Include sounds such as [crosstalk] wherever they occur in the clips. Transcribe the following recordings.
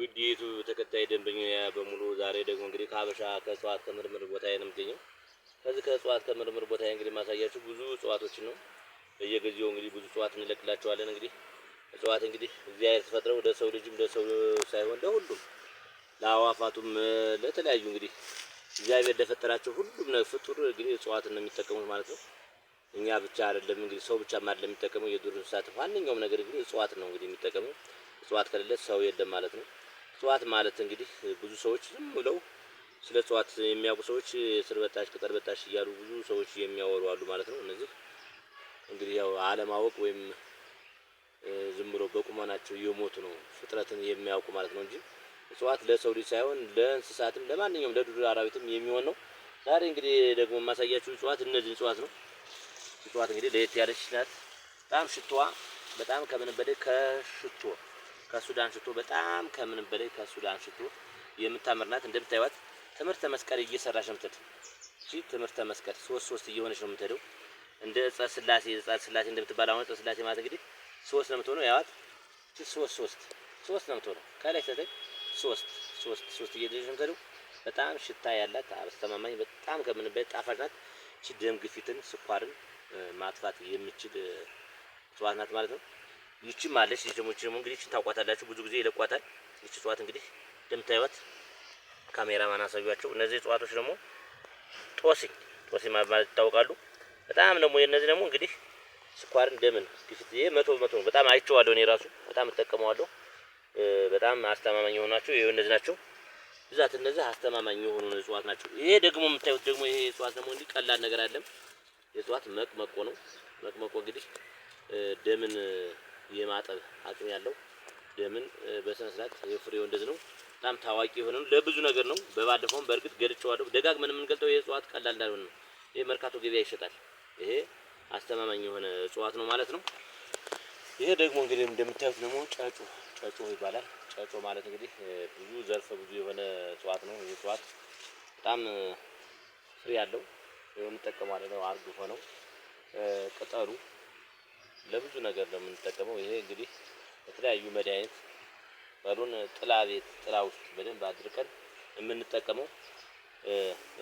ውድ ተከታይ ደንበኛ በሙሉ ዛሬ ደግሞ እንግዲህ ከሀበሻ ከእጽዋት ከምርምር ቦታ ነው የምገኘው። ከዚህ ከእጽዋት ከምርምር ቦታ እንግዲህ ማሳያችሁ ብዙ እጽዋቶችን ነው። በየጊዜው እንግዲህ ብዙ እጽዋት እንለቅላቸዋለን። እንግዲህ እጽዋት እንግዲህ እግዚአብሔር ተፈጥረው ለሰው ልጅም ለሰው ሳይሆን ለሁሉም ለአዋፋቱም፣ ለተለያዩ እንግዲህ እግዚአብሔር ለፈጠራቸው ሁሉም ፍጡር እንግዲህ እጽዋትን ነው የሚጠቀሙት ማለት ነው። እኛ ብቻ አይደለም እንግዲህ ሰው ብቻ ማለት የሚጠቀመው የዱር እንስሳት፣ ማንኛውም ነገር እንግዲህ እጽዋት ነው እንግዲህ የሚጠቀመው። እጽዋት ከሌለ ሰው የለም ማለት ነው። እጽዋት ማለት እንግዲህ ብዙ ሰዎች ዝም ብለው ስለ እጽዋት የሚያውቁ ሰዎች ስር በታች ቅጠል በታች እያሉ ብዙ ሰዎች የሚያወሩ አሉ ማለት ነው። እነዚህ እንግዲህ ያው አለማወቅ ወይም ዝም ብሎ በቁመናቸው የሞቱ ነው ፍጥረትን የሚያውቁ ማለት ነው እንጂ እጽዋት ለሰው ልጅ ሳይሆን ለእንስሳትም ለማንኛውም ለዱር አራዊትም የሚሆን ነው። ዛሬ እንግዲህ ደግሞ የማሳያችሁ እጽዋት እነዚህ እጽዋት ነው። እጽዋት እንግዲህ ለየት ያለች ናት። በጣም ሽቶዋ በጣም ከምን ከሽቶ ከሱዳን ሽቶ በጣም ከምንም በላይ ከሱዳን ሽቶ የምታምር ናት። እንደምታዩት ትምህርተ መስቀል እየሰራች ነው የምትሄድ። እቺ ትምህርተ መስቀል ሶስት ሶስት እየሆነች ነው የምትሄደው። እንደ ዕፀ ስላሴ ዕፀ ስላሴ እንደምትባል አሁን ዕፀ ስላሴ ማለት እንግዲህ ሶስት ነው የምትሆነው። ያዋት ሶስት ሶስት ሶስት ነው የምትሆነው። ከላይ ሰተኝ ሶስት ሶስት ሶስት እየሄደች ነው የምትሄደው። በጣም ሽታ ያላት አስተማማኝ፣ በጣም ከምን በላይ ጣፋጭ ናት። እቺ ደም ግፊትን ስኳርን ማጥፋት የምችል እጽዋት ናት ማለት ነው። ይቺም አለች። ይችም እንግዲህ ይችን ታውቋታላችሁ፣ ብዙ ጊዜ ይለቋታል። ይቺ እጽዋት እንግዲህ እንደምታዩት ካሜራማን ማናሳያቸው እነዚህ እጽዋቶች ደግሞ ጦስኝ ጦስኝ ማለት ይታወቃሉ። በጣም ደግሞ የነዚህ ደግሞ እንግዲህ ስኳርን ደምን ግፊት ይሄ መቶ በመቶ ነው። በጣም አይቼዋለሁ እኔ ራሱ በጣም እጠቀመዋለሁ። በጣም አስተማማኝ የሆኑ ናቸው። ይሄው እነዚህ ናቸው ብዛት እነዚህ አስተማማኝ የሆኑ እጽዋት ናቸው። ይሄ ደግሞ የምታዩት ደግሞ ይሄ እጽዋት ደግሞ እንዲህ ቀላል ነገር አይደለም። የእጽዋት መቅመቆ ነው። መቅመቆ እንግዲህ ደምን የማጠብ አቅም ያለው ደምን በስነ ስርዓት የፍሬው እንደዚህ ነው። በጣም ታዋቂ የሆነ ለብዙ ነገር ነው። በባለፈውም በእርግጥ ገልጬዋለሁ። ደጋግመን የምንገልጠው የእጽዋት ቀላል እንዳልሆነ ነው። ይሄ መርካቶ ገበያ ይሸጣል። ይሄ አስተማማኝ የሆነ እጽዋት ነው ማለት ነው። ይሄ ደግሞ እንግዲህ እንደምታዩት ደግሞ ጨጮ ጨጮ ይባላል። ጨጮ ማለት እንግዲህ ብዙ ዘርፈ ብዙ የሆነ እጽዋት ነው። ይሄ እጽዋት በጣም ፍሬ ያለው የምንጠቀመው ነው። አርግ ሆነው ቅጠሉ ለብዙ ነገር ነው የምንጠቀመው። ይሄ እንግዲህ የተለያዩ መድኃኒት ባሉን ጥላ ቤት ጥላ ውስጥ በደንብ አድርቀን የምንጠቀመው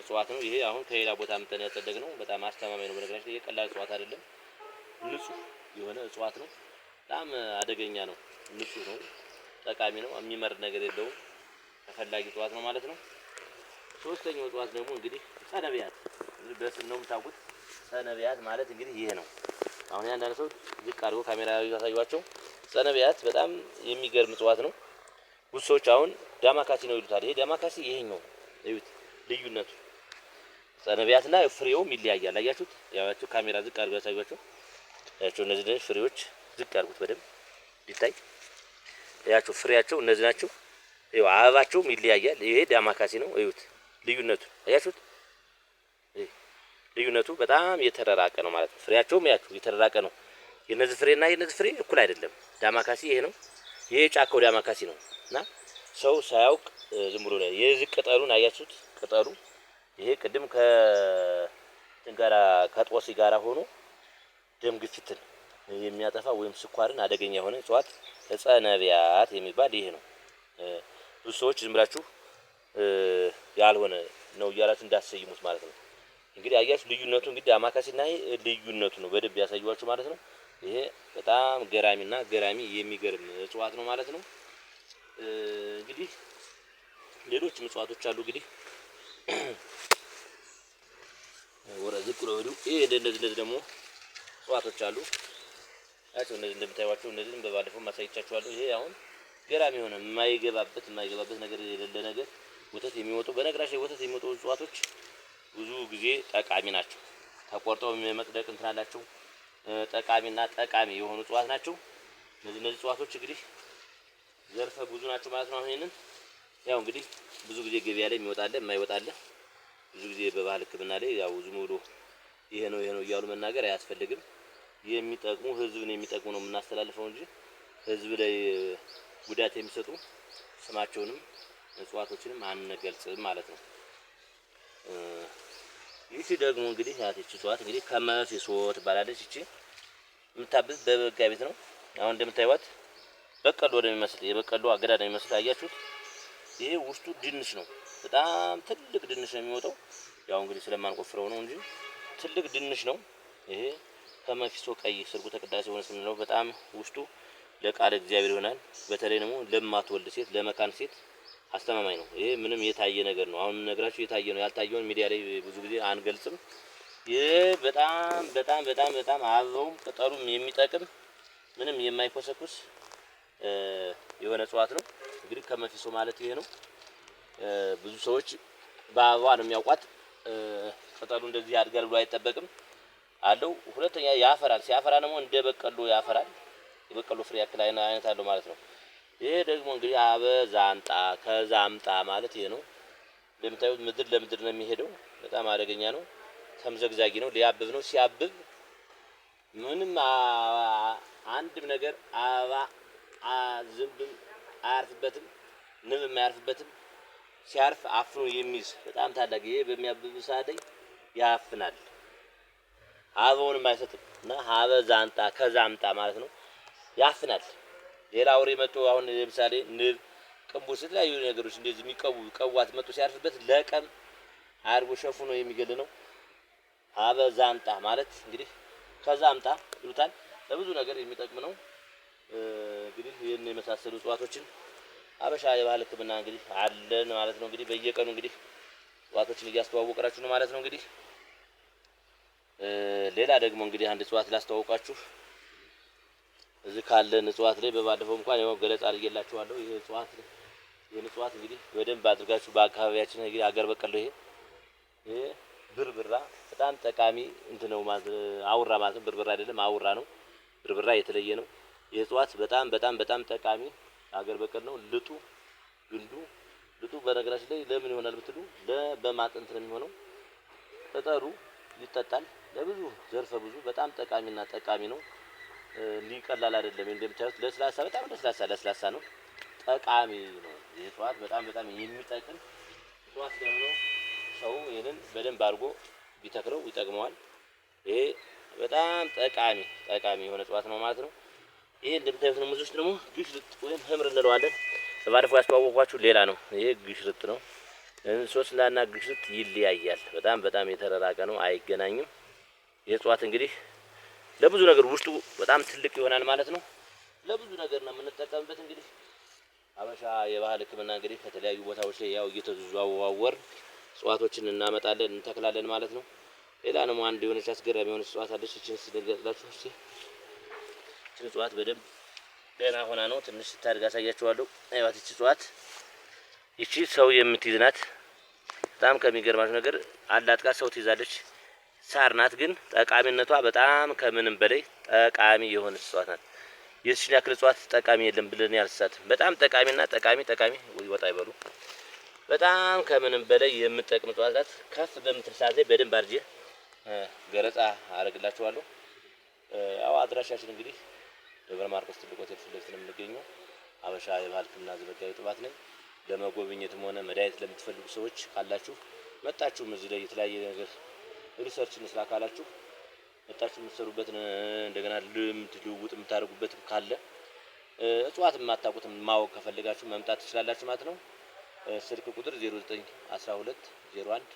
እጽዋት ነው። ይሄ አሁን ከሌላ ቦታ አምጥተን ነው በጣም አስተማማኝ ነው። በነገራችን ይሄ ቀላል እጽዋት አይደለም፣ ንጹህ የሆነ እጽዋት ነው። በጣም አደገኛ ነው። ንጹህ ነው፣ ጠቃሚ ነው፣ የሚመር ነገር የለውም። ተፈላጊ እጽዋት ነው ማለት ነው። ሶስተኛው እጽዋት ደግሞ እንግዲህ ሰነቢያት በስም ነው የምታውቁት። ሰነቢያት ማለት እንግዲህ ይሄ ነው። አሁን አንዳንድ ሰው ዝቅ አድርጎ ካሜራ ያሳዩዋቸው ዕፀ በጣም የሚገርም እጽዋት ነው። ብዙ አሁን ዳማካሲ ነው ይሉታል። ይሄ ዳማካሲ ይሄኛው እዩት፣ ልዩነቱ ዕፀ ነቢያትና ፍሬውም ይለያያል። አያችሁት? ያያችሁ ካሜራ ዝቅ አድርጎ ያሳዩዋቸው። ያቸው እነዚህ ደግሞ ፍሬዎች ዝቅ አድርጉት በደንብ ሊታይ። ያቸው ፍሬያቸው እነዚህ ናቸው። ይኸው አበባቸውም ይለያያል። ይሄ ዳማካሲ ነው። እዩት ልዩነቱ አያችሁት? ልዩነቱ በጣም የተደራቀ ነው ማለት ነው። ፍሬያቸውም ያችሁ የተደራቀ ነው። የነዚህ ፍሬና የነዚህ ፍሬ እኩል አይደለም። ዳማካሲ ይሄ ነው፣ ይሄ ጫካው ዳማካሲ ነው እና ሰው ሳያውቅ ዝም ብሎ ላይ የዚህ ቅጠሉን አያችሁት? ቅጠሉ ይሄ ቅድም ከጥንጋራ ከጦሲ ጋራ ሆኖ ደም ግፊትን የሚያጠፋ ወይም ስኳርን አደገኛ የሆነ እጽዋት ዕፀ ነቢያት የሚባል ይሄ ነው። ብዙ ሰዎች ዝም ብላችሁ ያልሆነ ነው እያላችሁ እንዳሰይሙት ማለት ነው። እንግዲህ አያችሁ ልዩነቱ እንግዲህ አማካሲና ይሄ ልዩነቱ ነው በደንብ ያሳያችሁ ማለት ነው። ይሄ በጣም ገራሚና ገራሚ የሚገርም እጽዋት ነው ማለት ነው። እንግዲህ ሌሎች እጽዋቶች አሉ። እንግዲህ [clears throat] ወረ ዝቅ ብሎ ወዲሁ ይሄ እንደዚህ እንደዚህ ደግሞ እጽዋቶች አሉ። አያችሁ እነዚህ እንደምታዩዋቸው እነዚህም በባለፈው ማሳይቻችኋለሁ። ይሄ አሁን ገራሚ የሆነ የማይገባበት የማይገባበት ነገር የሌለ ነገር ወተት የሚወጡ በነገራችን ወተት የሚወጡ እጽዋቶች ብዙ ጊዜ ጠቃሚ ናቸው። ተቆርጠው የመጽደቅ እንትን አላቸው። ጠቃሚና ጠቃሚ የሆኑ እጽዋት ናቸው። እነዚህ እነዚህ እጽዋቶች እንግዲህ ዘርፈ ብዙ ናቸው ማለት ነው። ይህንን ይሄንን ያው እንግዲህ ብዙ ጊዜ ገበያ ላይ የሚወጣለ የማይወጣለ ብዙ ጊዜ በባህል ሕክምና ላይ ያው ዝም ብሎ ይሄ ነው ይሄ ነው እያሉ መናገር አያስፈልግም። የሚጠቅሙ ህዝብን የሚጠቅሙ ነው የምናስተላልፈው እንጂ ህዝብ ላይ ጉዳት የሚሰጡ ስማቸውንም እጽዋቶችንም አንገልጽም ማለት ነው። ይቺ ደግሞ እንግዲህ እቺ ሷት እንግዲህ ከመፊሶ ትባላለች። ይቺ የምታብብ በበጋ ቤት ነው። አሁን እንደምታዩት በቀሎ ወደሚመስል የበቀሎ አገዳ እንደሚመስል አያችሁት። ይሄ ውስጡ ድንሽ ነው። በጣም ትልቅ ድንሽ ነው የሚወጣው። ያው እንግዲህ ስለማንቆፍረው ነው እንጂ ትልቅ ድንሽ ነው ይሄ ከመፊሶ ቀይ ስርጉ ተቀዳሽ የሆነ ስም በጣም ውስጡ ለቃል እግዚአብሔር ይሆናል። በተለይ ደግሞ ለማትወልድ ሴት፣ ለመካን ሴት አስተማማኝ ነው። ይሄ ምንም የታየ ነገር ነው። አሁን ነግራችሁ የታየ ነው። ያልታየውን ሚዲያ ላይ ብዙ ጊዜ አንገልጽም። ይሄ በጣም በጣም በጣም በጣም አበባውም ቅጠሉም የሚጠቅም ምንም የማይኮሰኩስ የሆነ እጽዋት ነው። እንግዲህ ከመፊሶ ማለት ይሄ ነው። ብዙ ሰዎች በአበባ ነው የሚያውቋት። ቅጠሉ እንደዚህ ያድጋል ብሎ አይጠበቅም አለው። ሁለተኛ ያፈራል። ሲያፈራ ደግሞ እንደ በቀሎ ያፈራል። የበቀሎ ፍሬ ያክል አይነት አለው ማለት ነው። ይሄ ደግሞ እንግዲህ አበ አምጣ ከዛምጣ ማለት ይሄ ነው። እንደምታዩት ምድር ለምድር ነው የሚሄደው። በጣም አደገኛ ነው። ተምዘግዛጊ ነው። ሊያብብ ነው። ሲያብብ ምንም አንድም ነገር አበባ ዝንብም አያርፍበትም፣ ንብም አያርፍበትም። ሲያርፍ አፍኖ የሚይዝ በጣም ታላቅ ይሄ በሚያብብ ሳደይ ያፍናል፣ አበውንም አይሰጥም እና ሀበዛ ከዛምጣ ማለት ነው። ያፍናል። ሌላ አውሬ መጥቶ አሁን ለምሳሌ ንብ፣ ቅንቡስ የተለያዩ ነገሮች እንደዚህ የሚቀቡ ቀዋት መጥቶ ሲያርፍበት ለቀም አድርጎ ሸፉኖ የሚገል ነው። አበ አምጣ ማለት እንግዲህ ከዛ አምጣ ይሉታል። ለብዙ ነገር የሚጠቅም ነው። እንግዲህ ይህን የመሳሰሉ እጽዋቶችን አበሻ የባህል ሕክምና እንግዲህ አለን ማለት ነው። እንግዲህ በየቀኑ እንግዲህ እጽዋቶችን እያስተዋወቅራችሁ ነው ማለት ነው። እንግዲህ ሌላ ደግሞ እንግዲህ አንድ እጽዋት ላስተዋውቃችሁ። እዚህ ካለን እጽዋት ላይ በባለፈው እንኳን ያው ገለጻ አድርጌላችኋለሁ። ይሄ እጽዋት ይሄን እጽዋት እንግዲህ በደንብ አድርጋችሁ በአካባቢያችን እንግዲህ አገር በቀል ይሄ ይሄ ብርብራ በጣም ጠቃሚ እንት ነው ማለት አውራ ማለት ነው። ብርብራ አይደለም አውራ ነው። ብርብራ የተለየ ነው። ይሄ የእጽዋት በጣም በጣም በጣም ጠቃሚ አገር በቀል ነው። ልጡ ግንዱ ልጡ በነገራችን ላይ ለምን ይሆናል ብትሉ በማጥንት ነው የሚሆነው። ቅጠሉ ይጠጣል። ለብዙ ዘርፈ ብዙ በጣም ጠቃሚና ጠቃሚ ነው። ሊቀላል አይደለም። እንደምታዩት ለስላሳ በጣም ለስላሳ ለስላሳ ነው፣ ጠቃሚ ነው። እጽዋት በጣም በጣም የሚጠቅም እጽዋት ደግሞ ሰው ይህንን በደንብ አድርጎ ቢተክለው ይጠቅመዋል። ይሄ በጣም ጠቃሚ ጠቃሚ የሆነ እጽዋት ነው ማለት ነው። ይሄ እንደምታዩት ነው። ሙዝ ውስጥ ደግሞ ግሽርጥ ወይም ህምር እንለዋለን። ባለፈው ያስተዋወቅኳችሁ ሌላ ነው። ይሄ ግሽርጥ ነው። ሶስላና ግሽርጥ ይለያያል። በጣም በጣም የተረራቀ ነው፣ አይገናኝም። ይህ እጽዋት እንግዲህ ለብዙ ነገር ውስጡ በጣም ትልቅ ይሆናል ማለት ነው። ለብዙ ነገር ነው የምንጠቀምበት። እንግዲህ አበሻ የባህል ሕክምና እንግዲህ ከተለያዩ ቦታዎች ላይ ያው እየተዘዋወር እጽዋቶችን እናመጣለን እንተክላለን ማለት ነው። ሌላ ደግሞ አንድ የሆነች አስገራሚ የሆነች እጽዋት አለች። እችን ስደገጽላችሁ እስቲ እችን እጽዋት በደንብ ገና ሆና ነው ትንሽ ስታድግ አሳያችኋለሁ። አይዋት እች እጽዋት ይቺ ሰው የምትይዝናት በጣም ከሚገርማችሁ ነገር አላጥቃት ሰው ትይዛለች። ሳር ናት፣ ግን ጠቃሚነቷ በጣም ከምንም በላይ ጠቃሚ የሆነ እጽዋት ናት። የዚህን ያክል እጽዋት ጠቃሚ የለም ብለን ያልሳት በጣም ጠቃሚና ጠቃሚ ጠቃሚ ወጣ ይበሉ በጣም ከምንም በላይ የምትጠቅም እጽዋት ናት። ከፍ በምትል ሰዓት ላይ በደንብ አድርጌ ገለጻ አደርግላችኋለሁ። ያው አድራሻችን እንግዲህ ደብረ ማርቆስ ትልቅ ሆቴል ፊት ለፊት ነው የምንገኘው። አበሻ የባህል ሕክምና ዘመጋቢ ጥባት ነኝ። ለመጎብኘትም ሆነ መድኃኒት ለምትፈልጉ ሰዎች ካላችሁ መጣችሁም እዚህ ላይ የተለያየ ነገር ሪሰርች እንስራ ካላችሁ መጣችሁ የምትሰሩበትን እንደገና ልምድ ልውውጥ የምታደርጉበት ካለ እጽዋት የማታውቁት ማወቅ ከፈልጋችሁ መምጣት ትችላላችሁ ማለት ነው። ስልክ ቁጥር 0912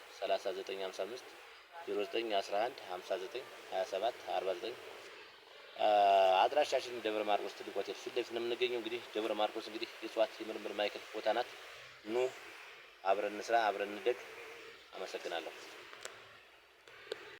አድራሻችን ደብረ ማርቆስ ትልቅ ሆቴል ፊት ለፊት ነው የምንገኘው። እንግዲህ ደብረ ማርቆስ እንግዲህ የእጽዋት የምርምር ማዕከል ቦታ ናት። ኑ አብረን እንስራ፣ አብረን እንደግ። አመሰግናለሁ።